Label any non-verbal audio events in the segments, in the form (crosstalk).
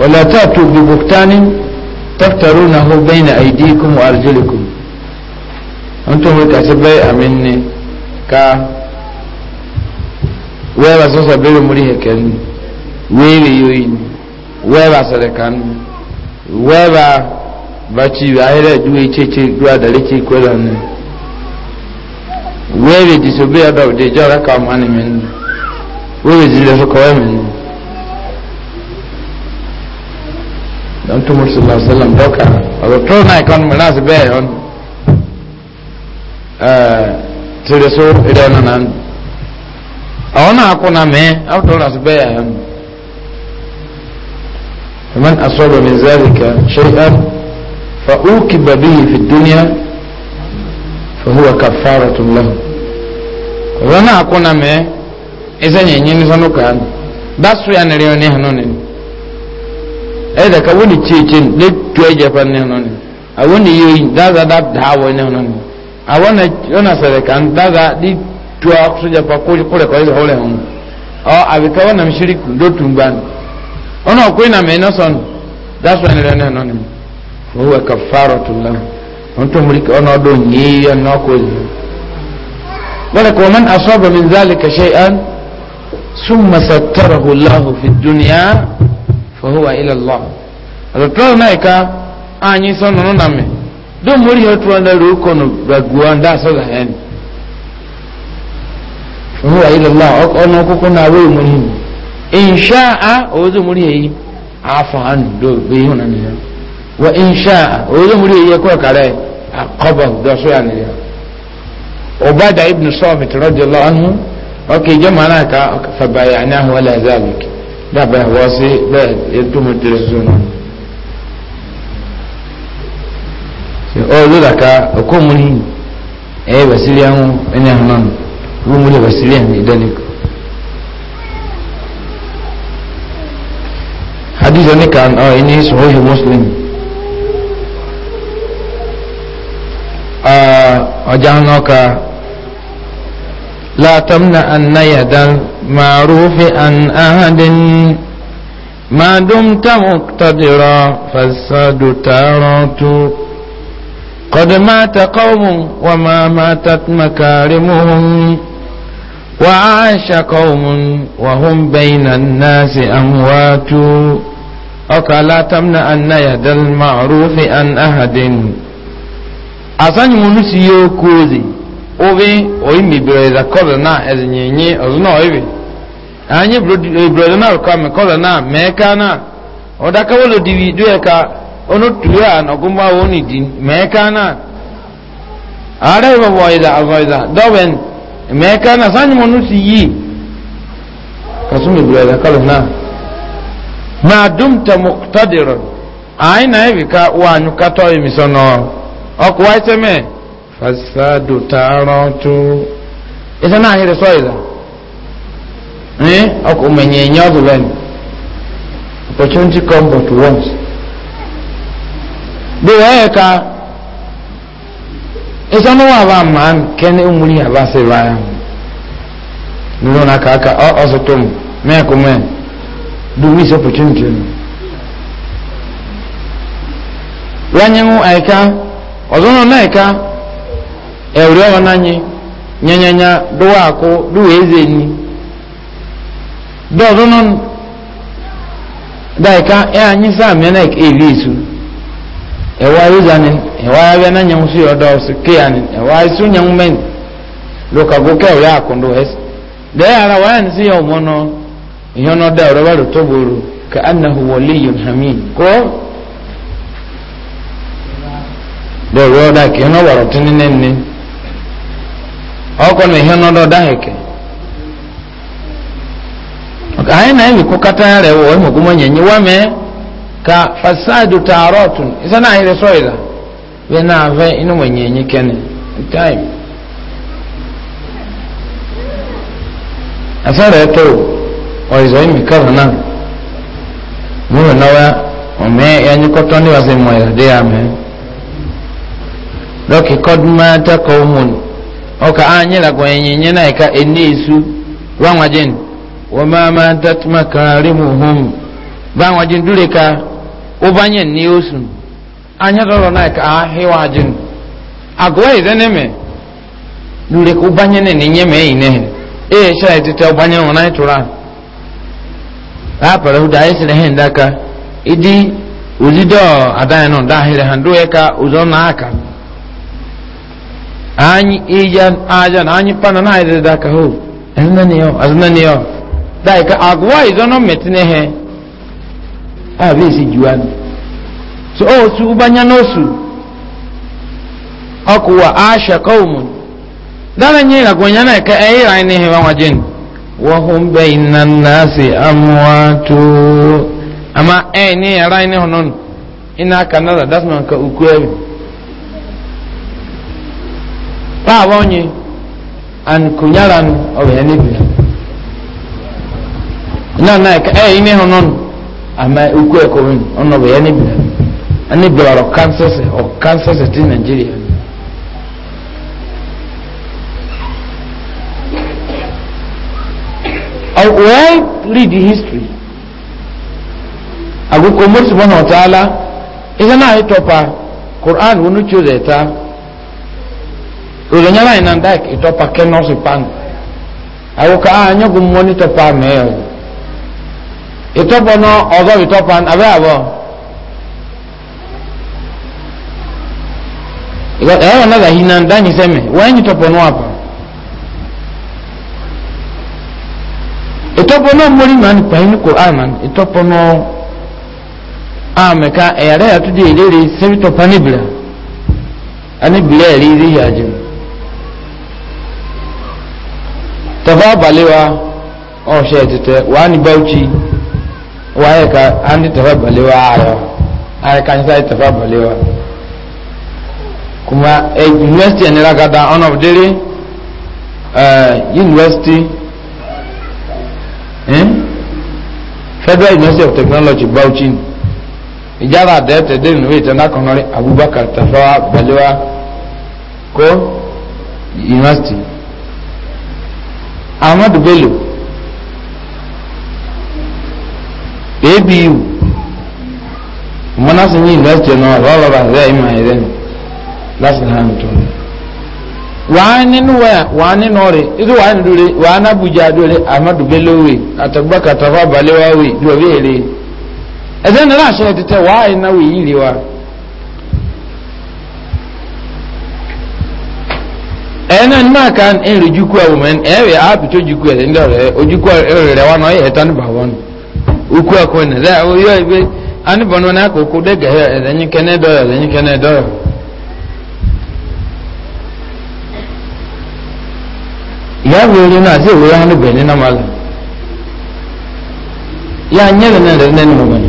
ولا تأتوا ببهتان تفترونه بين أيديكم وأرجلكم أنتم كسبي أمني كا ويبا سوسا بيرو مريه كان ويلي يوين ويبا سركان ويبا باتي بأهلا جوي تيتي دوا داليتي كولان ويبا دي سبي أدو دي جارة من ويبا زي لفكوة مني don tó mọ̀rọ̀ sọ̀rọ̀ sọ̀rọ̀ dọ́kà ọ̀rọ̀ tó náà kan mìíràn àti bẹ́ẹ̀ ọ̀n tìrì sọ ìdá ọ̀nà náà àwọn náà kọ́ náà mẹ́ àwòtọ́ àti bẹ́ẹ̀ ọ̀n ìmọ̀n asọ́rọ̀ mi zálìkà ṣe án fa ókì bàbí fi dúnìá fa hùwà kàfàrà tó lọ́hùn ọ̀rọ̀ náà kọ́ náà mẹ́ ẹsẹ̀ yẹn yín ní sọ́nù kan dá yà nìrẹ́ ọ̀nì hànú nìyẹn ɛda ka woni kyekyen ne tu agya pa ne no ne awoni yoyi daza da da awɔ ne no ne awɔna ɔna sɛrɛ kan daza di tu a sogya pa kore kore kɔ ɛda hɔlɛ ho ɔ abika wɔna mhyiri kun do tun ba no ɔna ɔkoi na mɛ nɔsɔ no daso ne rɛ ne no ne fo wɔ ka faro to muri ka ɔna ɔdɔ nyii ɔna ɔkɔ yi wala ko man asaba min zalika shay'an summa satarahu allah fi dunya fọwọ́wà ilẹ̀ lọ àtọ̀tọ̀ náà ìka anyi sọnù nínú àmì dó mórí yẹn tó ọ̀nà rẹ̀ kọ̀nù gbàgbọ́ ndá sọ̀rọ̀ yẹn ni fọwọ́wà ilẹ̀ lọ ọ̀nà kókó náà wọ́n mórí yẹn ìnṣá a òwòzó mórí yẹn yìí àfọ̀ ànú dó bẹ́ẹ̀ yìí nàní yẹn wọ ìnṣá a òwòzó mórí yẹn yẹn kọ́ kàrẹ́ àkọ́bọ̀ dọ́sọ̀ yà nìyẹn ọ̀bàdà ibùsọ̀ fìtìrọ̀ dì lọ́ọ́ dábàá wá sí bẹ́ẹ̀ ètò mi tẹ̀lé sọ́sọ́ náà ọ ló dàka ọkọ mu ni ẹ yẹ basili ahun ẹni ahun ahun wọ́n mu lè basili ahun ìdáni. hadith ọ̀ni kan ọ̀ ẹni sọ̀hóhì muslim ọjà hàn náà ka. لا تمنعن يد المعروف عن أحد ما دمت مقتدرا فالساد تارات قد مات قوم وما ماتت مكارمهم وعاش قوم وهم بين الناس أموات تمنع تمنعن يد المعروف عن أحد أصنع منسيو كوزي obi oyimi breza kola na ezinyenye ozuna oibi anyi breza na rukame kola na meka na odaka wolo diwi duwe ka ono tuwa na ogumba woni di meka na ara ibo boiza azoiza doben meka na sanyi monu si yi kasumi breza kola na ma dumta muqtadiran aina ebi ka emisọ nọ ọkụwa okuwa iteme fasadu taarọtu ẹsẹ náà ni rẹsọ ìlà ní ọkọ ọmọnyẹ ọdụ ọdún opportunity come but once bí wọ́n yẹ ká ẹsẹ náà wà bá màá kẹ́ni do opportunity ẹ̀rí ọ̀hún anyi nyanyanya dọ́wọ́ àkó dọ́wọ́ ẹ̀zẹ̀ ni dọ́ọ̀dún nọ dàìka ẹ̀ anyi sáà mẹ́nà èlì èso ẹ̀wá ẹ̀zà ni ẹ̀wá ẹ̀bẹ̀ náà nyẹ̀wò sí ọ̀dọ̀ ọ̀sẹ̀ kéèyà ni ẹ̀wá ẹ̀sùn nyẹ̀wò mẹ́ni lókàgó kẹ́ẹ̀rí àkóńdó ẹ̀sẹ̀ dẹ́ẹ̀ ara wáyà ni sí ọ̀mọ́ náà ìyọ́n náà dá ọ̀rọ̀ bá lò tó gbòòrò ka ọkọ na ihe nọdọ dahike anyị na emi kukata rẹ wọ emi kuma nyenye mee ka fasadu taarotun isa na anyị resọ ila bẹ na afẹ inu wa kene time asara eto ọyịzọ emi kara na mụrụ na wa ome ya nyekọta ndị wasị mụ ya dị ya mee dọkị kọdụ mata kọmụnụ ọka anyị lagwa ịnyịnya na ịka enesu banwajin wama ma datuma kari muhum banwajin dure ka ụbanye ne osu anya dọrọ na ịka ahịwajin agwa ịdị n'ime dure ka ụbanye na ịnyịnya ma eyi nehe ee sha etete ụbanye nwụ na ịtụrụ a apara ụda anyị sịrị ha ndaka ịdị dọọ adanyị nọ ndị ahịrị ha ndị ya ka ụzọ na aka anyi ijan ajan anyi pana na ire da ka ho azna ne yo azna ne yo da ka agwa izo no metine he a bi si juan so o su ubanya no su akuwa asha qaumun dana nyi na gonya na ka ayi ran ne he wa wajin wa hum bainan nasi amwatu ama eni ran ne honon ina kanada dasman ka ukuwe báàbọ̀ ọ̀nyẹ and kònyára ni ọ̀bẹ̀yẹ níbi náà na ẹ̀ka ẹ̀ yín ní hàn nọ́nù àmà ikú ẹ̀kọ́ mi ọ̀nà ọ̀bẹ̀yẹ níbi náà ẹni bẹ̀rẹ̀ ọ̀rọ̀ kánsẹ̀sẹ̀ ọ̀ kánsẹ̀sẹ̀ ti nàìjíríà ni. read the history, Abu Kumar subhanahu wa ta'ala is an eye topper. Quran will not choose olóyìn aláìní náà dáìkì ìtọ́pa kẹ́nọ́ọ̀sì pan àwòká àyàngùn mọ́ nítọ́pa mẹ́ẹ̀ọ́ ìtọ́pọ̀ náà ọ̀zọ́ ìtọ́pa ọzọ ịtọpa ẹ̀rọ náà abụọ náà dáìní ịnanda wọ́n yìí tọ́pọ̀ náà àpà ìtọ́pọ̀ tafa balewa ọ̀ṣẹ́ títẹ wà ní bauchi wà yẹ a ní tafa balewa ayọ ayẹka ní sáyẹ balewa kuma ẹ yunifásitì ẹni ọ̀nà ẹ yunifásitì federal university of technology bauchi ìjára àdẹ́tẹ̀ dé abubakar tafa balewa kó yunifásitì. ahmad bello abu mana sun yi na rọrọ ba zai yi zai last hand to wàá nínú wẹ wàá nínú ìdí wàá nínú rẹ wàá nàbùjá amadu bello wẹ àtàgbà kàtàfà balẹwà wẹ bẹẹ rẹ ẹsẹ nínú wa. ene nna ka nri jukwu abu men ewe a e pito jukwu ese ndị ọrịa e, ojukwu rere e wa n'ọhịa eta ndị bawon ukwu akụ ne da oyo ebe ani bọnụ na aka okwu dega ya eze nye kene dọya eze nye kene ya bụ eri na asị wee hanụ benin na mala ya nyere na nrere na nnụrụ mmanụ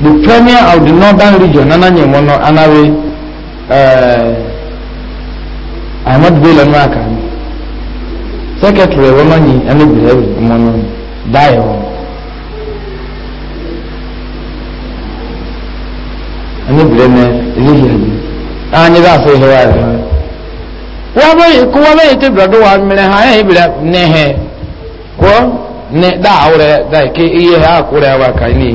the premier of the northern region ananye mmanụ anaghị ahmad bello nù àkà mi sẹkẹtìrì ẹwọ náà nyi ẹni bìrẹ bìrẹ ọmọ náà dáyẹ wọn ẹni bìrẹ nẹ ẹni yẹ ẹni anyi bá fẹ ìhẹwà rẹ wọn bẹ kó wọn bẹ yìí tẹ bìrọdọ wa mìrẹ hàn ẹyìn bìrẹ nẹ hẹ kọ nẹ rẹ dáyẹ ké iye hẹ àkó rẹ wà kàyé nìyí.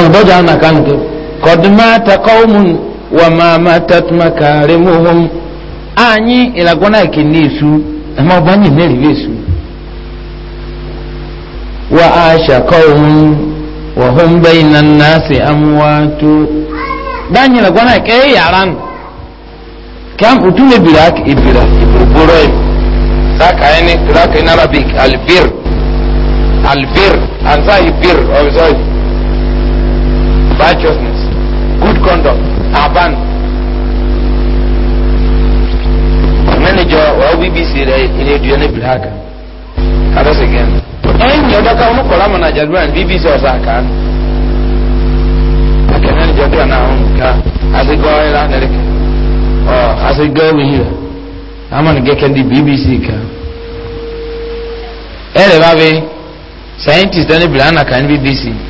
ọ̀run dọ́jà ọ̀nà kànkè kọ̀dùmáta kọ́ọ̀mùn wà máa máa tẹ́tùmákàrí mọ́hún ààyè ìlàgbọ́nà èké ní èṣù ẹ̀mọ́ ọba ní ìmẹ́rì lè ṣù wà á ṣàkọ́ọ̀hún wà hún bẹ́yìn náà náà sì amúwátó dáàyè ìlàgbọ́nà èké yàrá nù kí á kùtù lè bìrà ìbìrà ìbòròbòrò ẹ̀ sáàkà ẹni rákà ẹni arabic albir albir ansa ibir ọ̀bísọ́yì righteousness, good conduct aban. Manager wa BBC ile duya ne bilhaka. Kada se gen. En yoda ka umu kola mana jaduan BBC osaka. Aka manager bi ana un ka asigo ila nereke. Oh, asigo mi hira. Amana geken di BBC ka. Ele babe scientist ne bilana kan BBC.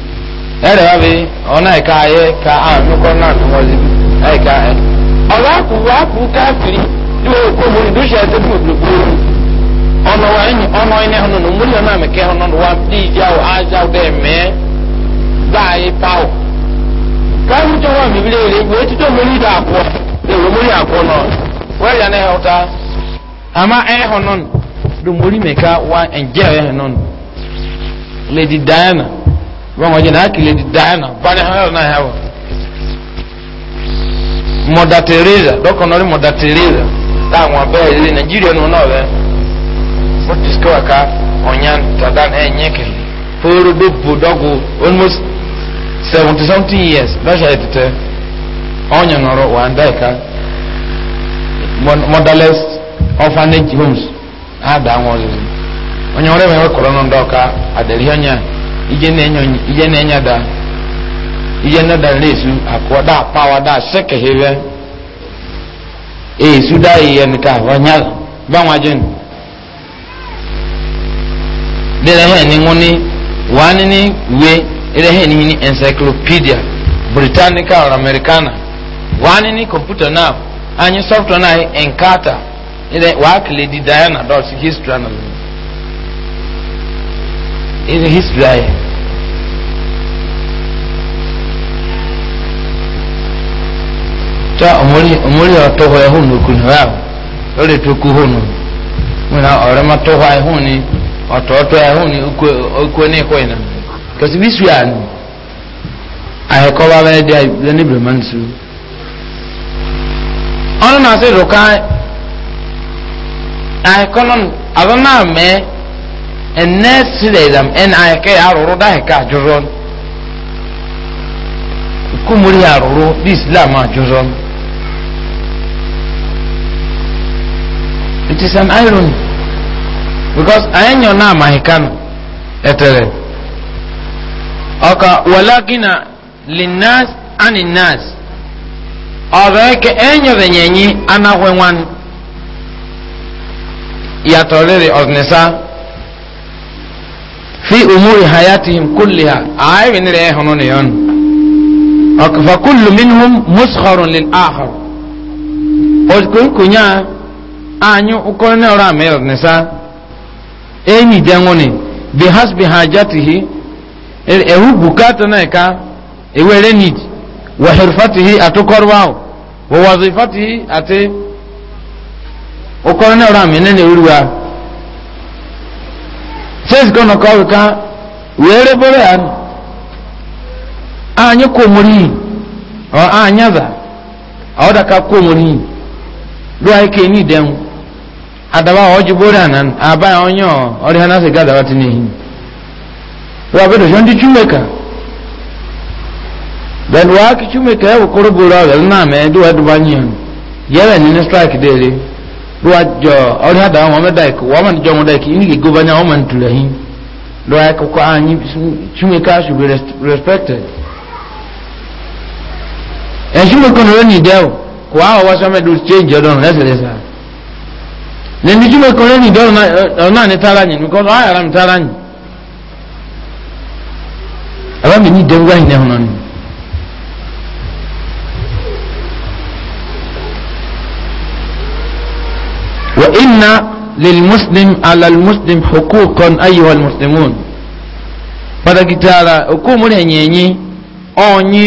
ẹrẹ wa bi ọ̀nà ẹ̀ka ka àánú kọ́ náà tó wọ́n síbi ẹ̀ka ẹ̀. ọ̀rọ̀ àpò wà á kú ẹsẹ̀ bí wa ẹni ọ̀nà ẹni ẹ̀hún nínú múlẹ̀ náà mi kẹ́ ọ̀nà wa bí ìjà o ájá o bẹ́ẹ̀ bá pa o. káwọn tó wà ní ìdá àpò ní àpò náà ẹ̀hún ta. àmà ẹ̀hún mẹ́ka wá wọn wọ́n jẹ́ náà kìlẹ̀ di dáná bani hàn náà yà wọ̀ mọ̀dà tèrèzà dọ́kọ̀ rí mọ̀dà tèrèzà táwọn abẹ́rẹ́ ilé nàìjíríà nù náà bẹ́ẹ̀ wọ́n ti sikẹ́ wà ká tàdá náà kìlẹ̀ fóró almost seventy something years lọ́sà ẹ̀ tẹ̀tẹ̀ ọ̀nyà nọ̀rọ̀ wà ń dá orphanage homes á dà wọn ije na-enye da ije na da resu akwa da pawa da seke hebe e su da iye nka wanya ba wajin dere he ni ngoni wani ni we ere he ni encyclopedia britannica or americana wani ni computer na, anyi software na encarta ile wa akile di diana dot history analysis in history ayẹ tí ọmọlẹ ọmọlẹ ọtọ họ ẹhún ya ní ọyà ó lè tó ọrịa hó nù múna ọrẹ ọtọ ọtọ ẹhún ni okú ní ẹkọ ìnà kẹsì na na ene sileidam en ayeke aruru da heka ajuzon kumuri aruru di islam ajuzon it is an irony because ayenyo na mahikano etere oka walakina linnas anin nas ọ̀rọ̀ ẹ̀kẹ́ ẹ̀yọ̀ rẹ̀ yẹ̀yìn anáwẹ̀wọ̀n yàtọ̀ rere ọ̀rìnẹ̀sá fi umuri hayatihim kulliha ay min re hono ne yon fa kullu minhum muskharun lil akhar o ko kunya anyu ko ne ora me ne sa eni dengoni bi hasbi hajatihi e hu bukata na ka e were need wa hirfatihi atukor wa wa wazifatihi ate o ko ne ora me ne ne uruwa sẹ́sì kan nọ̀kọ́ ọ̀ká wẹ́rẹ́ bọ́rẹ́ àánú àányẹ́ kò mórí yìí ọ̀ àányẹ́ zà àwọ́dàká kò mórí yìí ló ayé kéé ní ìdẹ́hùn àdàbà ọ̀ọ́jú bọ́rẹ́ àná àbáyà ọ̀nyọ́ wa hánà sí gàdàbà tí nìyí wọ́n abẹ́dọ̀ sọ́n di chúmẹ̀kà bẹ̀rù wá kí chúmẹ̀kà ẹ̀wọ̀ kóró bọ̀rọ̀ ọ̀rẹ́ náà mẹ́ẹ́dúwẹ́dúbá yẹn yẹ́rẹ̀ ní ní strike dé rí ruwa jɔ aw ni hada wɔn mɛ da yi ko wɔn mɛ jɔ wɔn da yi ko ini ke goba nya wɔn mɛ tura hin ruwa yi ko ko an yi sume ka su be respected ɛn sume ko na ni dɛw ko awa wasa mɛ do change ɔdɔn lɛsɛ lɛsɛ ne ni sume ko ni dɛw na ɔna taara nyi because ɔya mi taara nyi aba ni dɛw wa hinɛ hɔn ni. وإن للمسلم على المسلم حقوقا أيها المسلمون pàtàkì tààrà òkú múlẹ̀ ẹ̀yẹ̀yìn ọ̀nyí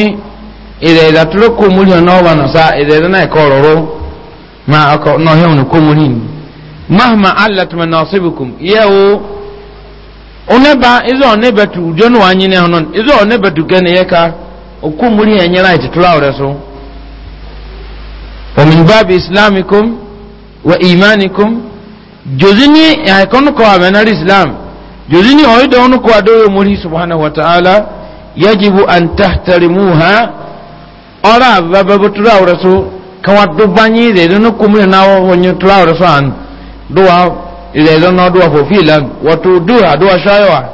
ilẹ̀ ìdàtúrò kó múlẹ̀ ọ̀nà ọ̀wà nàṣà ilẹ̀ ìdáná ẹ̀kọ́ ọ̀rọ̀rọ̀ máa ọkọ̀ náà hẹ́wọ̀n ní kó múlẹ̀ ní. mahama alatuma na ọ̀sẹ̀bùkùn yẹ o onẹ́bà ẹzọ́ ọ̀nẹ́bẹ̀tù jọ́nù wà nyínà ẹ̀hún náà ẹzọ́ ọ̀nẹ́bẹ̀tù gẹ́ni yẹ ká òkú múlẹ̀ ẹ̀yẹ̀yìn wa imanikum jozini ya konu ko amenar islam jozini o da onu ko adoro muri subhanahu wa ta'ala yajibu an tahtarimuha ora baba butura rasu kawa dubanyi de dunu kumuna na wonyo tura rasu an duwa ile don na duwa fofila wato duwa duwa shayawa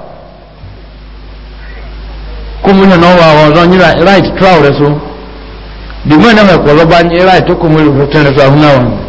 kumuna na wa wa zon right tura rasu dimana mai ko banyi right kumuna hotel rasu hunawa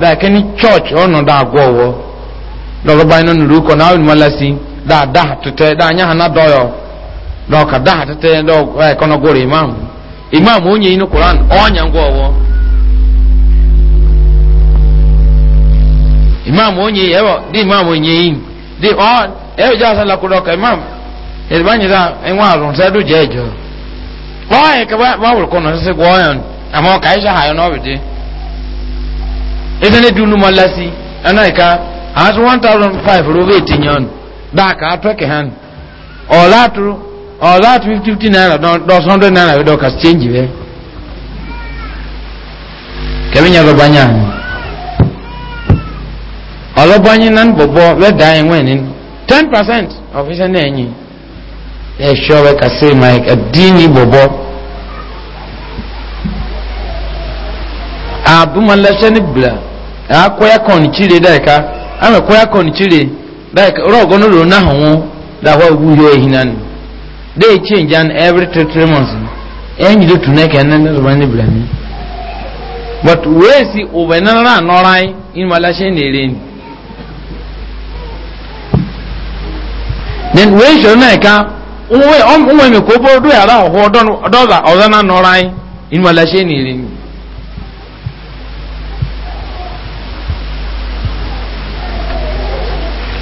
like any church ọnọ da agwọ ọwọ lọgọba iná nuru kọ náà ọnù mọlẹsí da da dọyọ lọkà da tẹtẹ dọ ẹ imam imam onye inu koran ọnyà ngwọ imam onye yìí ẹwọ di imam onye yìí di ọ oh, jẹ eh, oh, imam jẹ ẹjọ ọ ẹ kẹ bá sẹsẹ ọyàn àmọ kàyíṣà ezene dunu malasi anaika as 1005 robe tinyon da daka atweke han olatu olatu 50 naira don 100 naira we do change we eh? kemi go banya olo banyi nan bobo we dai wenin 10% of is enyi e sure we ka say mike adini bobo ni bla. a kwaya kon chire da ka ama kwaya kon chire da ka ro gono ro na hu da wa wu yo hinan they change and every three months en yido tuneke nan na zubani blami but wesi ubenara no rai in malashe ne rin then we show na ka unwe on unwe me ko bo do ara ho do do za ozana no rai in malashe ne rin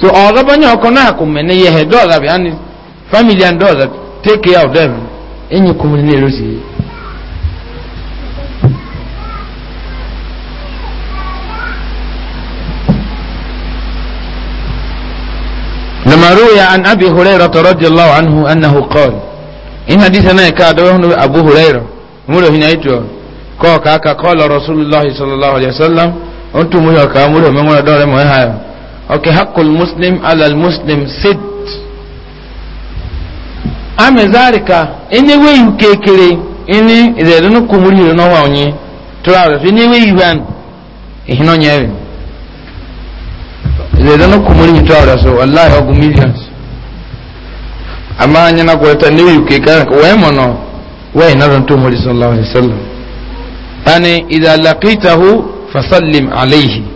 so ọ̀rọ̀ bá ní ọkọ̀ náà kò mẹ́ni yẹ ẹ̀ dọ́ọ̀dà bí wọ́n family and dọ́ọ̀dà take care of them ẹ̀yìn kò ní èrò sí لما روي عن أبي هريرة رضي الله عنه أنه قال إن حديثنا يكادوه أبو هريرة مولو هنا يتوه كو كاكا قال رسول الله صلى الله عليه وسلم أنتم مولو كامولو من مولو دولة مهاية okay haqqul muslim ala al muslim sid ame zarika ene we ukekere ene izere no kumuri no wa onye travel ene we iwan ihino nyewe izere no kumuri travel so wallahi ogu millions ama anya na kweta ne we ukekere we mono we na ron sallallahu alaihi wasallam ani idha laqitahu fasallim alayhi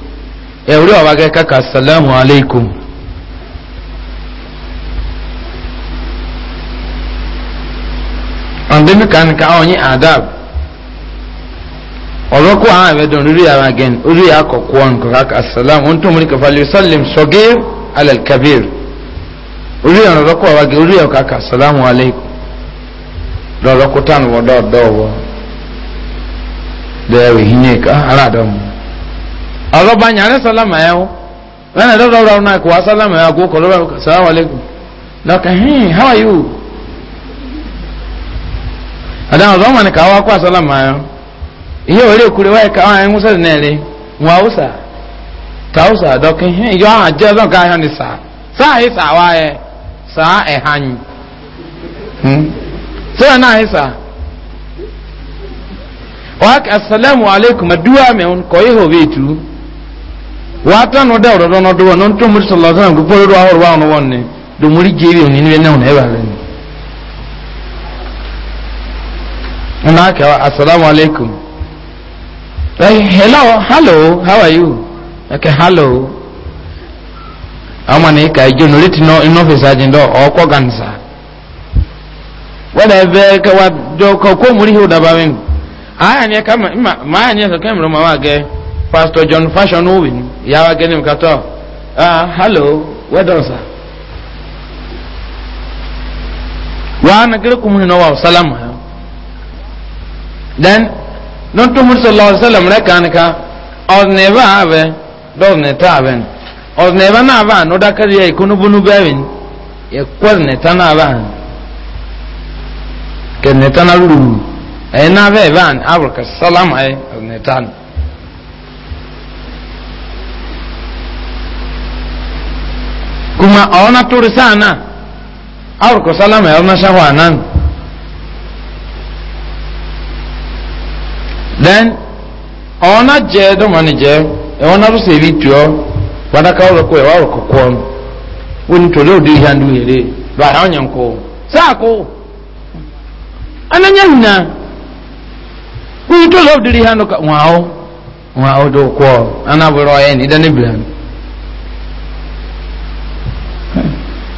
ẹ̀rí ọ̀wá gẹ́gẹ́ kàkà sàlámù aleikum ọ̀dẹ́mí kan ká ọ̀nyí adab ọ̀rọ̀kọ̀ àwọn àbẹ̀dùn orí àwọn agẹ́n orí akọ̀kọ̀ ọ̀nkọ̀ kàkà sàlámù ohun tó mú ní kàfà lè sàlẹ̀m sọ̀gẹ́ alẹ́kàbíir orí ọ̀rọ̀kọ̀ àwọn agẹ́ orí ọ̀kọ̀ kàkà sàlámù aleikum lọ́rọ̀kọ̀ tán wọ́dọ̀ ọ̀dọ́ bẹ́ẹ̀ ká aládọ́mù. ọlọ́ba nyàrin sálámà ẹ̀ wọ́ lẹ́nu ẹ̀dọ́dọ́ ọ̀rọ̀ náà kò wá sálámà ẹ̀ àgókò lọ́ba sàlámà lẹ́kùn lọ́kà hìn how are you ọ̀dà ọ̀dọ́ ọmọ nìkan wá kó àsálámà ẹ̀ iye òwe lè kúrè wáyé káwọn ẹ̀ ń sẹ́dẹ̀ náà lé wọn àwùsà tàwùsà dọ́kì hìn ìjọ àwọn àjẹ́ ọ̀dọ́ nǹkan ahọ́n ni sà sà yìí sà wá ẹ̀ sà ẹ̀ hàn náà yìí sà wàá kà sàlámù alẹ́kùn kọ́ yìí hò bẹ́ẹ̀ tù wata no da ro no do no to muri sallallahu alaihi wasallam ko ro ahor wa no wonne jeewi na na ba ni assalamu alaikum hello hello how are you okay hello ama ka jo no in office ajin do o ko gansa ka wa do ko ko muri hu da ma yawa ganin ka to ah hello wedon sa wa na gire kuma no wa salama then non to mur sallallahu alaihi wasallam ra kan ka or never have do ne ta ben or never na ba no da kare ko no bunu ben ye kwal ne ta na ba ke ne ta na ru e na ba ban abur ka salam ai ne ta kuma a wani turi sana aurku salama ya wani then a wani je da mani je ya wani rusa yi tuyo wadda ka wuri e kuwa wuri kukuwa wani tori odi ihe ndu here ba ya onye nko sa ko anan yan na wani tori odi ihe ka nwa o do kuwa ana buru oye ni da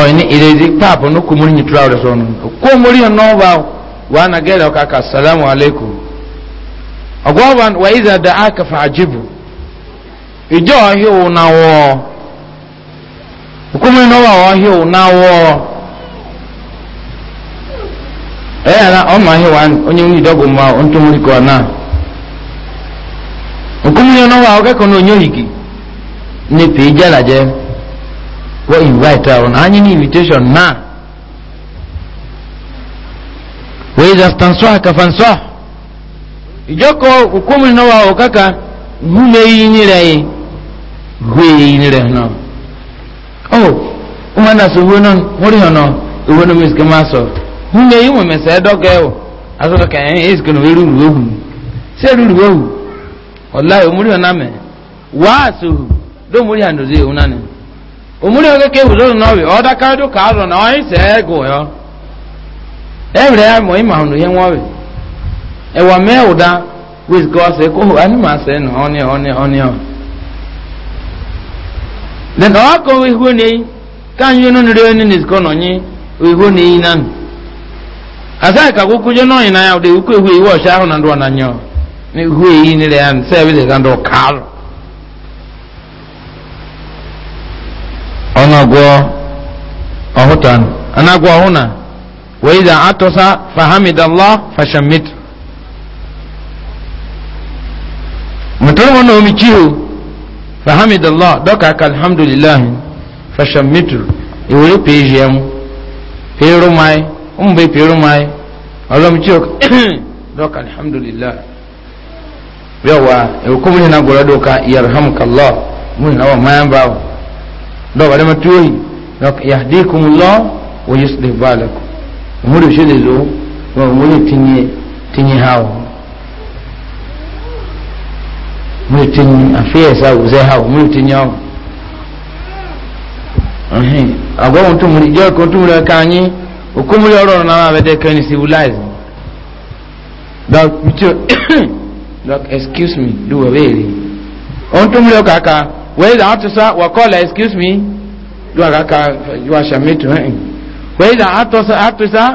ọ̀yìn ìrèdí páàpù ní kòmórì yìí tura rẹ̀ sọ̀nù kòmórì yẹn náà wà wa wà ìzà dà á kàfà àjìbù ìjọ na náà wọ̀ kòmórì ọhịa wà ọ̀hìwù náà wọ̀ ẹ̀ yàrá onye nwunye dọ́gbù mma na onye òhìgì you invite àwọn anyi ní invitation na. wọ́n yíza stansọ́ àkàfànsọ́ ìjọkọ̀ òkúmin náà wà ọ̀kàkà gúlẹ̀ yìí ní rẹ̀ yìí gúlẹ̀ yìí ní rẹ̀ náà ó wọ́n náà sọ wọ́n náà wọ́n rí ọ̀nà ìwọ́n náà mẹ́sìkì máa sọ gúlẹ̀ yìí wọ́n mẹ́sẹ̀ ẹ́dọ́kẹ́ ẹ̀ asọ́kẹ́ ẹ̀ ẹ̀ ìsìkì náà wọ́n rúrù wọ́hù sí rúrù wọ́hù ọ̀la ìwọ́n rí ọ̀nà mẹ́ wàásù omuli oge ke wuzoro nɔbi ɔdakadu kaaro na ɔyi sɛ goyɔ ɛwura ya mɔ ima ɔnu yɛn wɔbi ɛwɔ mɛwò da wiz gɔsɛ ko ani ma sɛ no ɔni ɔni ɔni ɔ lẹka wa ni, ihu ne kan yi no nire ni nisikɔ nɔnyi ihu ne yi nan asa ka kuku jɛ na ya de iku ihu yi wɔ ni lɛ ya sɛ ebi de ka ọ̀nàgwọ́ ọ̀hútan ọ̀nàgwọ́ ọ̀húnà wèyí dà àtọ́sá fahamidallah fashamit mutum wọn omi kiwo fahamidallah dọ́kà ká alhamdulilah fashamit ìwòye pèjì ẹ̀m pèrò máì ọmọ bẹ pèrò máì ọlọ́mi kiwo (coughs) dọ́kà alhamdulilah bí ọwà ẹ̀kọ́ mi nínú agbọ̀rọ̀ dọ́kà yarhamukallah mi nínú àwọn mayan báwọn dɔw wɛrɛ ma tuyo yi donc yahdi kumulɔ o yi sile baala ko mo de se de zo donc mo de tinye tinye ha o mo de tinye afi yɛ sa o zɛ ha o mo de tinye ha o agbawo anyi okumuri ɔrɔ nana abɛ de kɛni excuse me du wɔ beere ɔntumuri وإذا عطس وقال excuse me you are, you are submit to him وإذا عطس عطس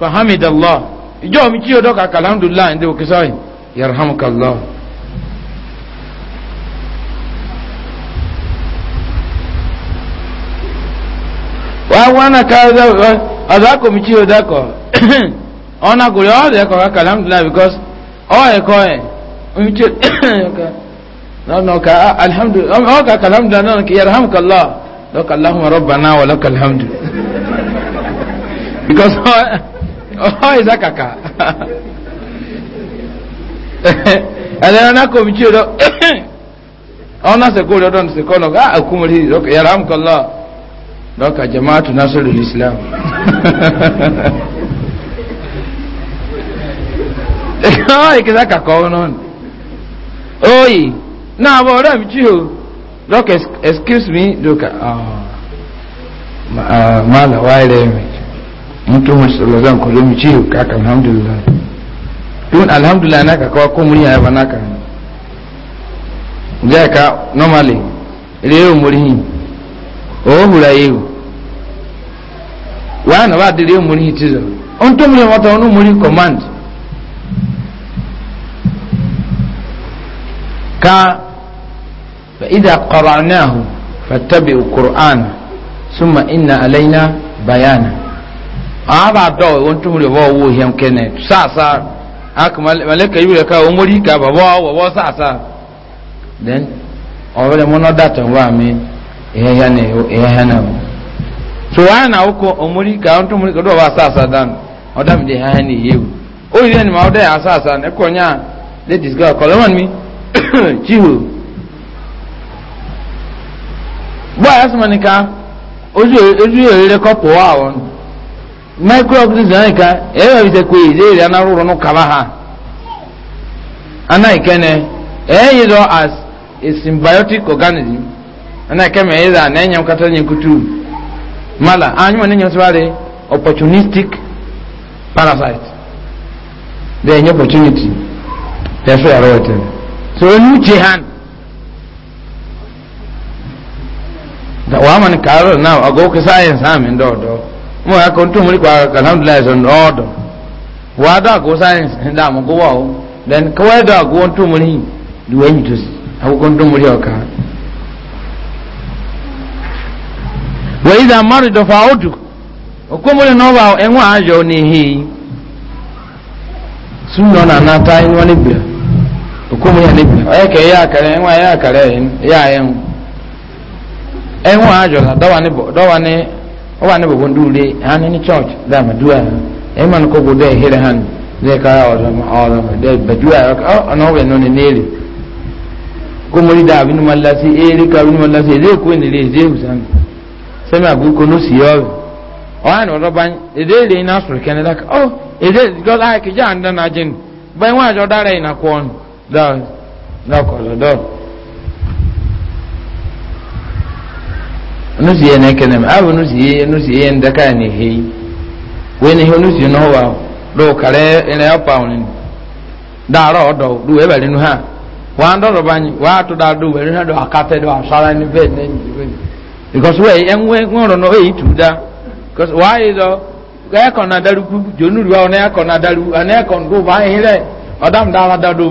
فحمد الله جو مي تشيو دوكا الحمد لله عندي وكساي يرحمك الله وانا كذا أذاكو مي تشيو داكو أنا أقول هذا كلام لا because أوه كوي مي تشيو نونك الحمد نونك الحمد نونك يرحمك الله لك اللهم ربنا ولك الحمد because oh is akaka and then anako mchido ona se ko don se ko lok ah kumuri lok yarhamka Allah lok jamaatu nasrul islam oh ikizaka ko non oi náà bọ̀ ọ̀rẹ́ mi jí o doc excuse me doc máa là wáyé rẹ̀ mi mo tó mo sọ̀rọ̀ lọ́n kò lómi jí o kàkà alhamdulilah even alhamdulilah náà kàkọ́ kó mo ní àyàbá náà kà jẹ́ ẹ̀ka normally ilé yóò mórí yìí òwò hùrà yìí o wàá nà bá délé yóò mórí yìí ti zọ̀ ohun tó múlẹ̀ wọ́tọ̀ ọ̀nà mórí command Ka فإذا قرأناه فاتبعوا القرآن ثم إن علينا بيانا أبا دو وانتم لبوا وهم كنت ساسا أك ملك يبلك أمريك بوا ووا ساسا then ọ̀rẹ́ mọ́nà dàtọ̀ wà mí ẹ̀yẹ́ náà so wáyé náà ó kọ ọmọríkà ọ̀n tó mọ̀ríkà ọdún ọba sáàsá dánù ọ̀dá mi dé ẹ̀yẹ́ ní ìyẹ́wò ó yẹ ẹni máa ọdẹ àsáàsá ẹ̀kọ́ nyá ladies girl kọlọ́mọ̀ mi (coughs) chihu bọ́ọ̀ yẹn sọ̀rọ̀ nìkan ojú èrè kọ́pù wà wọn ka nìkan ẹ̀rọ ìṣe pé ìṣe èrè ha anáìkẹ́ni ẹ̀yìn lọ as a symbiotic organism anáìkẹ́mi ẹ̀yìn lọ ẹ̀yìn kata ẹ̀yìn kutu mala anyuma ẹ̀yìn sọ̀rọ̀ rẹ̀ opportunistic parasite bẹ́ẹ̀ ẹ̀yìn opportunity tẹ̀sọ̀ ẹ̀rọ ẹ̀tẹ̀ so oníjì hàn. wàhámà ni na náà ọgọ́ òkè sáyẹ̀nsì àmì ń dọ̀ọ̀dọ̀ mo yà kó ntúmù nípa alhamdulilayi sọ̀ ọ̀dọ̀ wàá dọ̀ àgọ́ sáyẹ̀nsì ń dààmú kó wà ó then kọ́wé dọ̀ àgọ́ ntúmù ní ìwé yìí tó sí àgọ́ ntúmù ní ọ̀ka. wọ́n yìí dàn márùn dọ̀fà ɛhu adzɔla dɔwani dɔwani ɔwani bɔbɔ nduure hani ni church dama dua ɛma no koko dɛ ɛhɛrɛ hani dɛ kara ɔdɔmɔ ɔdɔmɔ dɛ ɔ ɔna ne eri ka abinu ma lase eri eko ne eri sɛmi agu ko no si ɔbi ɔhani ɔdɔba eri oh, e eri ina soro kɛnɛ ɔ ayi anda na bɛn dara kɔn onusi yɛ n'ɛkɛ nɛm aba onusi yɛ onusi yɛ onusi n'ɔwɔ wa do kare ya ɔpa wɔn daara ɔdɔ do ɛbɛ ha wɔn adɔdɔ banyi wa ato da do na ha do akata do asara ne bɛn ne nyiri because wɛyi ɛnwɛ ŋɔrɔ no ɛyi tu da because wɔn ayi dɔ ɛkɔ na na daru ba da do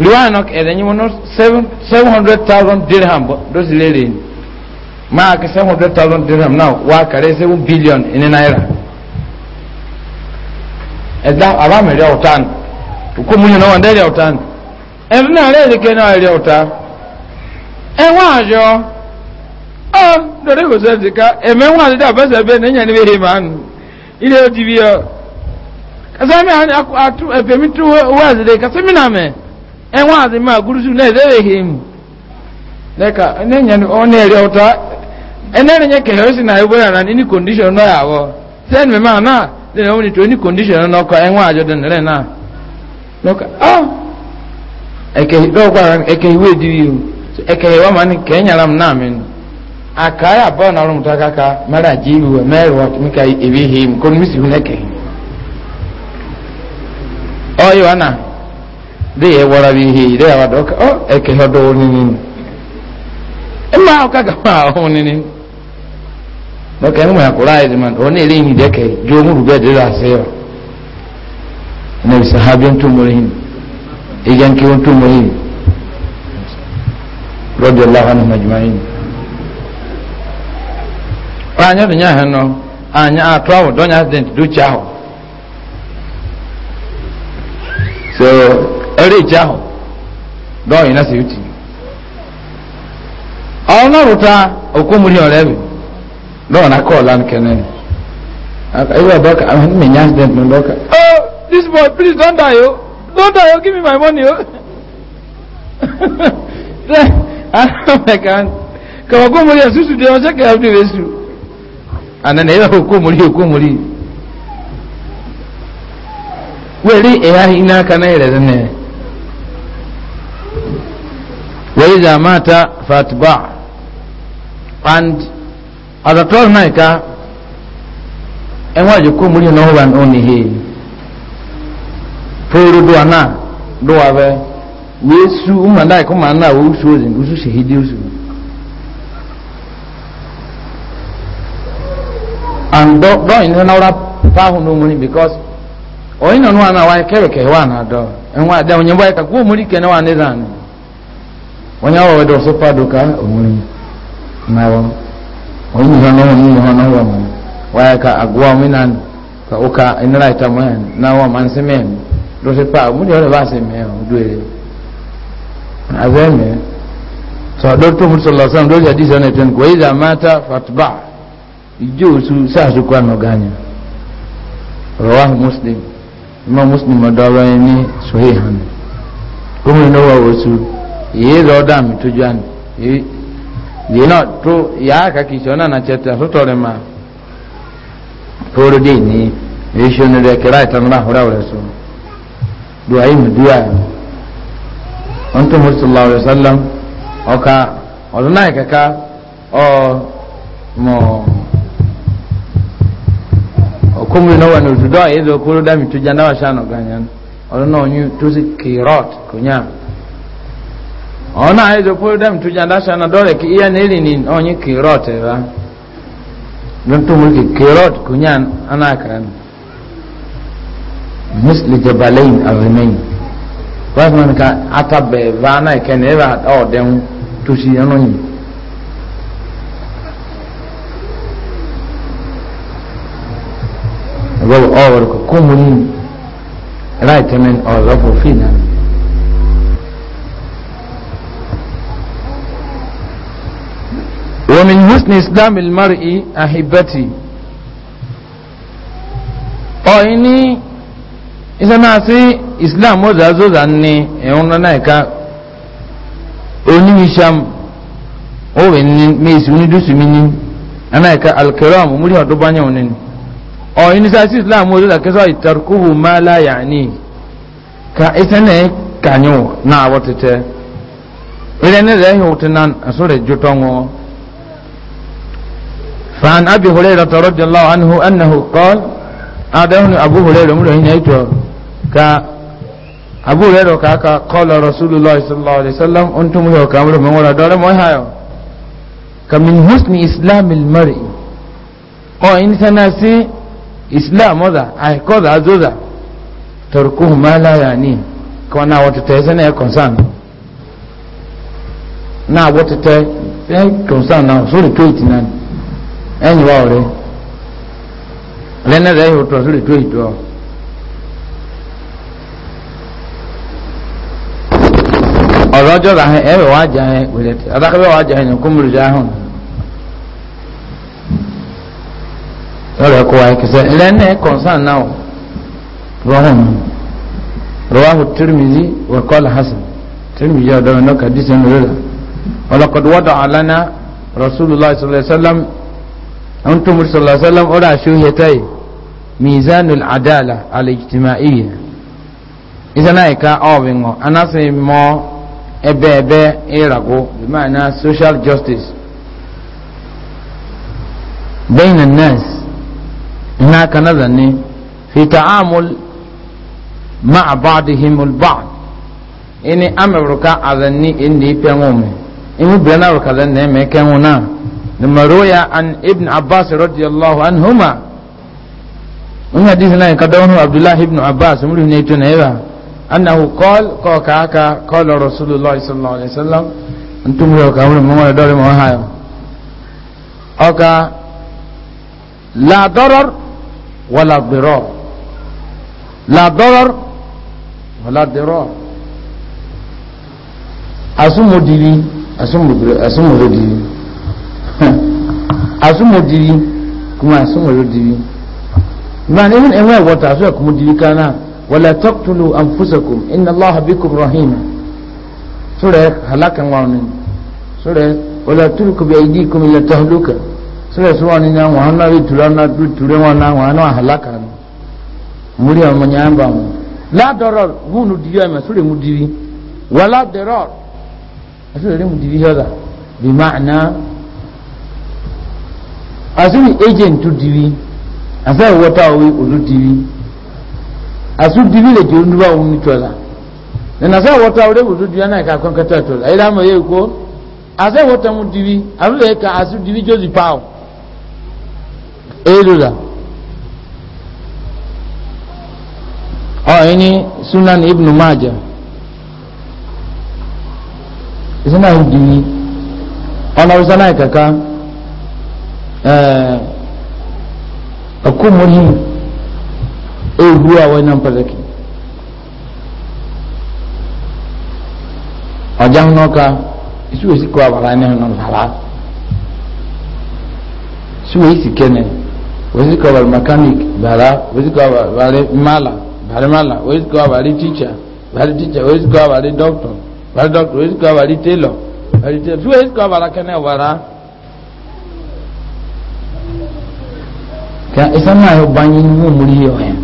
riwanok edenyi wono 700,000 dirham dosi lere e e e ni maaki 700,000 dirham now wa kare 7 billion ini naira ẹ̀dá àbámẹ̀rẹ̀ ọ̀tán òkú múlẹ̀ náà wọ́n dẹ́rẹ̀ ọ̀tán ẹ̀rùn náà rẹ̀ na náà rẹ̀ ọ̀tá ẹ̀wọ́n àjọ ọ́ lórí kò sẹ́ ti ká ẹ̀mẹ́wọ́n àti dàbẹ́sẹ̀ bẹ́ẹ̀ nìyẹn níbi èyí máa nù ilé ó ti bí ọ kásẹ́mi àtú ẹ̀fẹ̀mí tú owó àzìlẹ̀ kásẹ́mi nàmẹ́ enwa adị a gurusu na-ezebeghị dịka na-enye ọ na-eri ụta enenye kehere si na ebere na ndị kondishọn ya sị na mmemme a na dị na onye ndị kondishọn nọ ka enwe ajọ dị na n'ụka ọ ekehidọgwara m ekehiwe dịrị ma m abụọ na ọrụ mụta ka mara ji si na dai ya wara bi hi dai ya doka o e ke hodo ni ni ma o ka ga o ni ni no ke ma ko rai de man o ni ri ni de ke jo mu be de la se yo ne sahabin tu murin e jan ki won tu murin radiyallahu anhu majma'in wa nya de nya han no anya atwa do nya de du chao so ere echi ahụ dọọ ị na-asị uti ọ nọrụta okomori ọrịa dọọ na kọọla nkene ebe ọba ka ahụ mmiri ya accident na ndọka oh this boy please don't die o oh. don't die o oh, give me my money o then ahụmeka ka okomori esusu dị ọsọ ka ya dị esu anana ebe okomori okomori were ịgha ihe n'aka na-ere n'ere وإذا مات فاتبع and at the twelve night ka ẹnwá ìjòkó múlí ọ̀nà ọ̀wà ní òní he fóoru do àná do abẹ wíé su ọmọ náà su oṣù oṣù. and dọ́ dọ́ náà wọ́n pààhùn ní because ọ̀yìn náà wọ́n náà wáyé kẹ́rẹ̀kẹ́ wà náà dọ́ ẹ̀wọ̀n àdá ònyìnbó ẹ̀ka kó òmùrí kẹ́ onye awa wedo so pado ka omuri na wa onye ha na mu ha no wa mu wa ka agwa minan ka uka inra ita mu na wa man se me do se pa mu de ba se me o do ere azeme so do to mu sallallahu alaihi wasallam ya disa ne ten ko iza mata fatba ijo su sa su kwa no ganya rawahu muslim imam muslim madawa ni sahihan kuma no wa wasu yeye zɔda mi to tu ni yeye na to yaa kaki sɔ na na kyɛ ta so tɔre ma poro de ni esu ni dɛ kira ita nora ahora wɛrɛ so sallam ɔka ɔdun kaka ɔ mo ɔkùnrin náà wà ní òtún dɔ yeye zɔ kóró dá mi to jua náà wà ona aizo program tujandasha na dole ki iya nili ni onye kirot ba don to mulki kirot kunyan ana kan misli jabalain azimain was man ka atabe vana ken eva o den tushi anoni wal awr ko kumuni right men or of finan ومن حسن إسلام المرء أحبتي أيني إذا ناسي إسلام وزازو ذاني يونا نايكا أوني هشام أو إني ميس أوني دوسي مني أنايكا الكرام مولي هدو باني أونين أيني ساسي إسلام وزازو كسا يتركوه ما لا يعني ka إساني كانيو نا واتتة إلى نزاهي وتنان أصول الجوتون فعن أبي هريرة رضي الله عنه أنه قال أدهن أبو هريرة مره هنا كا أبو هريرة كا قال رسول الله صلى الله عليه وسلم أنتم له كامل من ولا دار ما هايو كمن حسن إسلام المرء أو إنسان سي إسلام هذا أي كذا أزوزا تركوه ما لا يعني كنا وتتهزنا يكونسان نا وتتهزنا يكونسان سوري تويتنا ẹ̀yìn wa ọ̀rẹ́ lẹ́nà rẹ̀ yóò tọ́ sí lè tó ìjọ. ọ̀rọ̀ ọjọ́ ra ẹ̀ ẹ̀wẹ̀ wá jà ẹ̀ wẹ̀lẹ̀ tí adákẹ́wẹ̀ wá jà ẹ̀ ní kúmùrù jà hàn. ọ̀rọ̀ ẹ̀kọ́ wa kìsẹ́ lẹ́nà ẹ̀ kọ̀nsán náà rọ́hùn rọ́hùn tìrìmìzì wẹ̀kọ́lá hasan tìrìmìzì ọ̀dọ́ mi náà kàdí sẹ́nu rẹ̀ ọ̀lọ́kọ̀dọ̀ wọ́dọ̀ àlànà rasulillah sallallahu alayhi wa sallam àwọn tó mú sọlá sọlá ọ̀rọ̀ àṣọyẹtà yìí mizanul adala alijtimaiya isana ika ọbingo anasi mọ ẹbẹ ẹbẹ irago bimaana social justice bẹyìn anas ina kana zanni fi ta'amul ma'a ba'dihimul ba'd ini amurka azanni indi ipe ngome imu bẹ̀rẹ̀ na rukazan na ẹmẹ kẹ́hún náà لما روي عن ابن عباس رضي الله عنهما من حديث لا يقدونه عبد الله ابن عباس مره نيتون هيبا أنه قال قال قال رسول الله صلى الله عليه وسلم أنتم روك أمر مما دور موهايو أكا لا ضرر ولا ضرار لا ضرر ولا ضرار أسمو ديري أسمو ديري Hmm. asumodiri kuma asumodiri man even enwe wata asu akumodiri kana wala taqtulu anfusakum inna allaha bikum rahima sura halakan wani sura wala tulku bi aydikum ila tahluka sura sura ni na wa na tura na tura wa na wa na halaka muri amanyamba mu la darar hunu diya ma sura mudiri wala darar sura mudiri hada bi ma'na asiri agent diri asa wọta awi olu diri asu diri le jẹun duba ohun nitọla nana asa wọta awi olu diri anayi ka kọn kẹtọ ẹtọ ayi lamọ ye ko asa wọta mu diri alu le ka asu diri josi paawo eelu la ọ ẹni sunan ibn maja isanayi diri ọ̀nà ọ̀sán náà kàkà ọkọ mọlì ewu àwọn ẹnà pàtàkì ọjà ń nọka ìṣúwèé sì kọ àbàrà ní ọ̀nà làrá ìṣúwèé sì kẹ́nẹ̀ wọ́n kọ àbàrà mechanic bala, wọ́n sì kọ àbàrà mala bàrà mala wọ́n sì kọ àbàrà teacher bali teacher wọ́n sì kọ àbàrà doctor bali doctor wọ́n sì kọ àbàrà tailor bali tailor ìṣúwèé sì kọ àbàrà kẹ́nẹ̀ wàrà. ka isa na yau banyi ni mu muri yau ya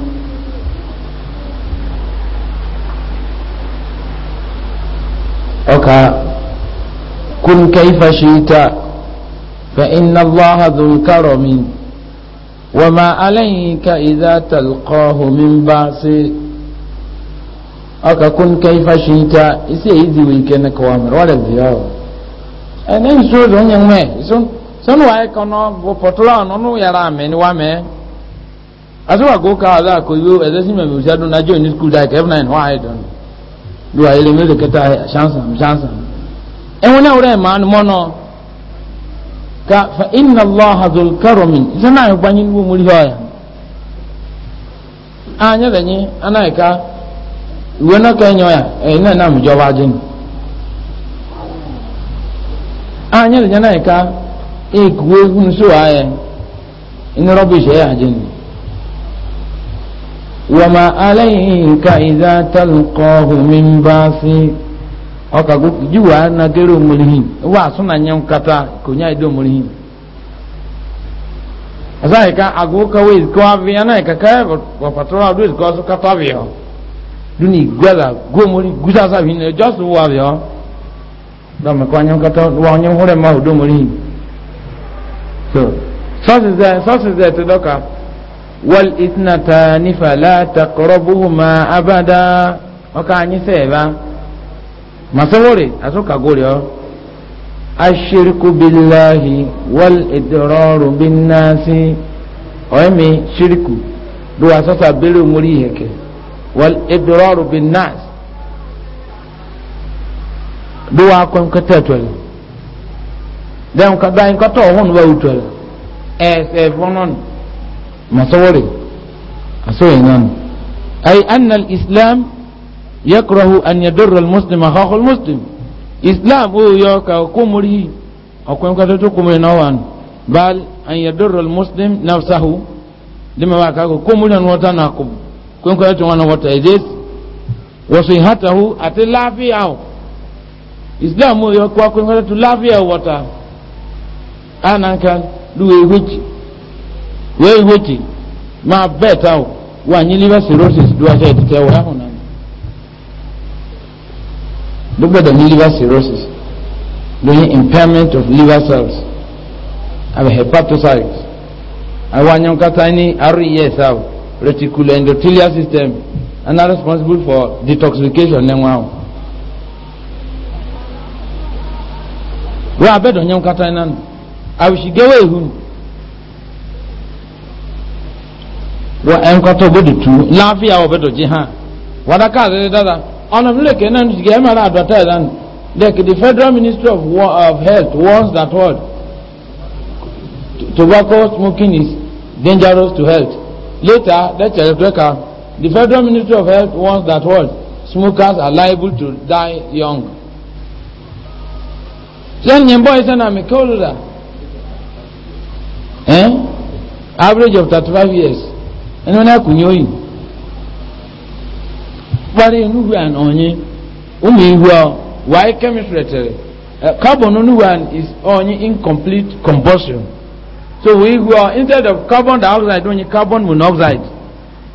oka kun kaifa shita fa inna allaha dhul karami wa ma alayka idha talqahu min ba'si oka kun kaifa shita isi izi wikene kwa mara wala ziyo enen so zo nyen me so sani waa e kono go potola nonu yara ameni wa me asuwa go ka ada ko yo ezesi me mi sadu na jo ni school da ke na wa ai don do ai le me de keta chance am chance e wona ore man ka fa inna allah dhul karam zana yo bani wo muri hoya anya na e ka nyoya e mu ee kuwe hunu so waaye in rubbish ay hajin wama alayka idha talqahu min basi oka juwa na gero mulihin wa suna nyan kata kunya ido mulihin asai ka agoka we ko avia na ka ka ko patrola du ko so kata bio duni gwala gomori gusa sa bin just wa bio da me ko nyan kata wa nyan hore ma do mulihin so sọ́sìsẹ́ sọ́sìsẹ́ ti dọ́ka wọ́l ìtìnàtà nífàlà takọrọ́bùhùmá abada ọkà anyísẹ́ ẹ̀bá masawore asokagori ọ ashiriku bilahi wọ́l ìdọ̀rọ̀rù bínáàsì ọ̀ẹ́mi shiriku ló wà sọ́sà bẹ́rẹ̀ mórí ìhẹ̀kẹ́ wọ́l ìdọ̀rọ̀rù bínáàsì ló wà kọ́ńkọ́tẹ̀tọ̀lù then kada in kata ohun ba utol ese fonon masawari aso yanan ay anna islam yakrahu an yadurra al-muslim akhahu muslim islam o yo ka kumuri akwai kata to kuma na wan bal an yadurra al-muslim nafsahu lima ba ka ko kumuri an wata na ku kun ka to wana wata idis wasihatahu atilafi au islam o yo ka kun ka to lafiya wata anankan luwe hwechi wee hwechi ma bet ahụ wanye liver cirrhosis duwacha etike wa ahụ na duk da liver cirrhosis doyin impairment of liver cells abe hepatocytes awanye nkata ni res ahụ reticular endothelial system and are responsible for detoxification nenwa ahụ wee abedonye nkata nanụ awusigewe ihun wọ ẹnkọtọ bó dutu láàfin àwọn ọbẹ dọjí hàn wàdà káàdì dada ọ̀nà fúnlẹ̀ kẹ́nà ní ṣìgẹ́ mara advertise and like the federal ministry of, War, of health warns that word tobacco smoking is dangerous to health later that's electrical the federal ministry of health warns that word smokers are liable to die young. sẹ́ni yẹn bọ́ iṣẹ́ náà mi kí ó lò dáa eh average of thirty five years ẹni wọn akùnye oyi kpari enugu an onye ụmụ ihu a why chemistry tere carbon enugu an is onye incomplete combustion so wee ihu a instead of carbon dioxide onye carbon monoxide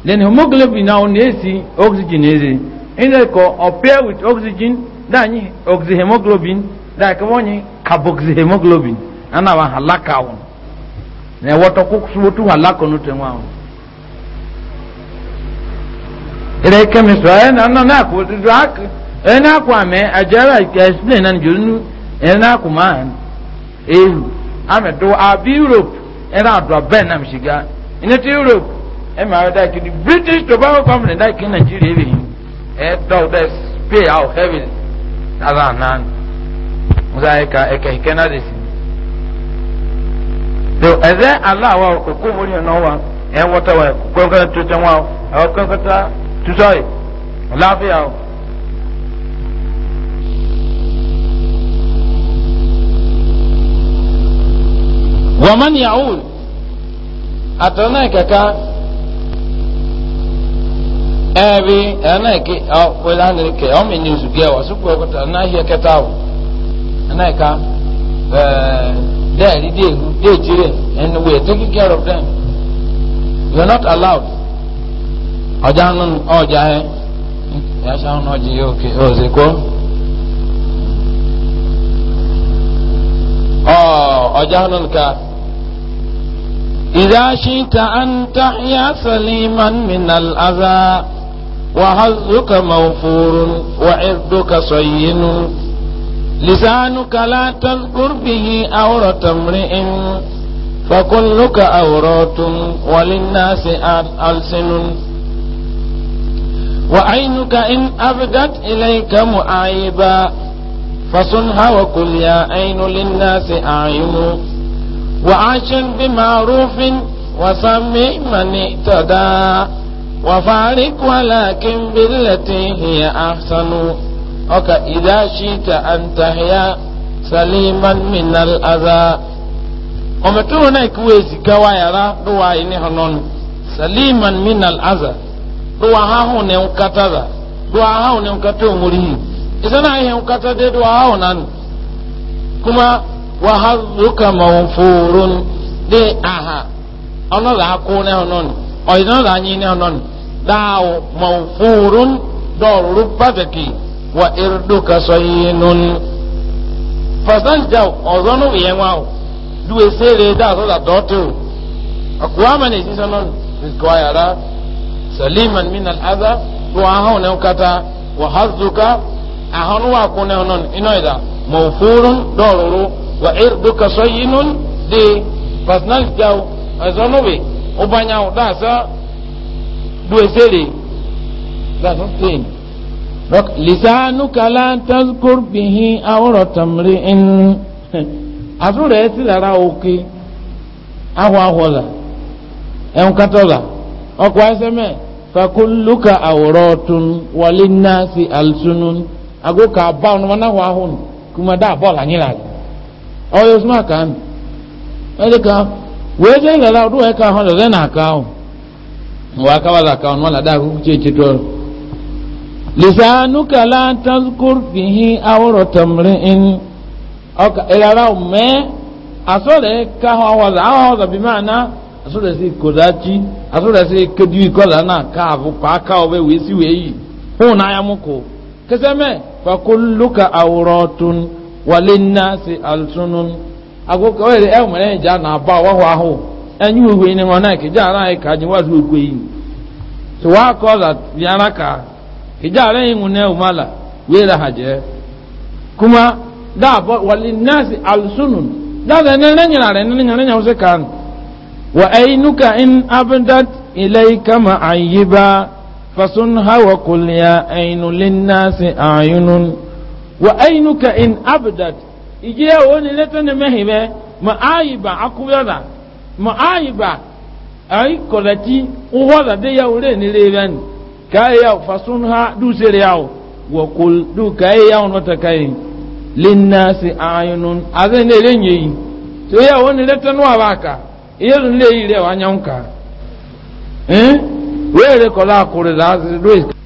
then hemoglobin na ọ na oxygen eze instead kọ ọ pair with oxygen na anyị oxyhemoglobin na-akọwa onye carboxyhemoglobin ana wa halaka ahụ. na wɔtɔ kutu hala kɔnu tɛ ŋu awo ɛdɛ kɛmi sɔ na na na ko do a ɛ eh, na ko amɛ adzara ɛsiplɛn eh, na nidzo nu ɛ eh, na ko ma ehu amɛ do abi europe ɛ na do abɛn na misiga ɛnɛ ti europe ɛ ma di british tobacco company da nigeria ebe yi ɛ dɔw dɛ spain awo heavy anan musa ka na so ɛdɛ ala uh, uh, wa koko mori ɛnɔ wa ɛn wɔtɔ wa kɔnkɔn tutɛ wa ɛwɔ kɔnkɔn ta tutɔ yi laafiya o. ومن يعول أتنا ككا أبي أنا كي أو ka uh, there, they, they children, and we are taking care of them. You are not allowed. Ọjànú ọjà ẹ yàtọ̀ ọjì òkè òsèkó ọjànú ká ìdáṣíta àǹtá yà sàlìmán mìnàl àzá wàhálùkà mọ̀fúrún wàhálùkà sọ̀yìnú. لسانك لا تذكر به عورة امرئ فكلك عورات وللناس ألسن وعينك إن أبدت إليك معايبا فصنها وكل يا عين للناس أعين وعاشر بمعروف وسم من اهتدى وفارق ولكن بالتي هي أحسن oka ka idde ta an-taheya saliman mịnal azaa. Omeete ọ bụla naanị kụwa ezigbo wayara ndụ waa enye Saliman mịnal aza. Ndụ waha hà nọ nkata dị. Ndụ waha hà nọ nkata owurị hị. Ise na-ehe nkata dị ndụ waha Kuma ndụ ahụzikarị ma ọ fuurụnụ ndị ndị ndị ndị ọ na na-akụ ne ya na ọ na ya wa irduka soyinun fasanja ọzọ nu yẹn wa o duwe seere da so da dọte o akuwa ma na esi sọ nọn saliman min al'aza to ahọn ne kata wa hazuka ahọn wa kun ne nọn ino ida mawfurun dọrọrọ wa irduka soyinun de fasanja ọzọ nu we ubanya o da duwe seere da so lisanuka la tazkur bihi awrata mri'in (laughs) asura esi lara oke ahụ ahụ la enkata la ọkwa eseme fakulluka wali walinnasi alsunun ago ka ba ọnụ mana ahụ ahụ kuma da bọọlụ anyị lara ọya suma ka m ka wee jee lara ọdụ wee ka ahụ lere na aka ahụ mgbe aka wala aka ọnụ mana da ahụ cheche tụrụ lisanuka la tazkur fihi awrata mri'in ọkà ìlara mẹ́ ọzọ káhọ́ awọ́dà awọ́dà bí máa ná asọ́rẹ̀ sí kòdájí asọ́rẹ̀ sí kéjú ìkọlà náà káàbù pàákà ọbẹ̀ wèé sí wèé yìí fún náà yàmúkọ kẹsẹ́mẹ́ fakuluka awuratun alsunun agogo ọ̀rẹ́ ẹ̀ mọ̀rẹ́ ìjà náà bá wàhùn ahù ẹ̀yìn wíwèé ni wọn náà kìjà náà kàdí wàásù òkú yìí tí wàá kọ́ hijara yin ne umala wera haje kuma da ba walin nasi alsunun da da ne ne nyara ne ne nyara nyawse kan wa ainuka in abdat ilayka ma'ayiba fasunha wa qul ya ainu lin nasi ayunun wa ainuka in abdat ije woni leto ne mehibe ma'ayiba akubada ma'ayiba ay kolati uhoda de ya ure ni leben kai yau fasunha du siriyau wa kul du kai yau wata kai linnasi ayunun azai ne len yi to ya wani leta nuwa baka iya zun le yi rewa nyanka eh were kola kore da do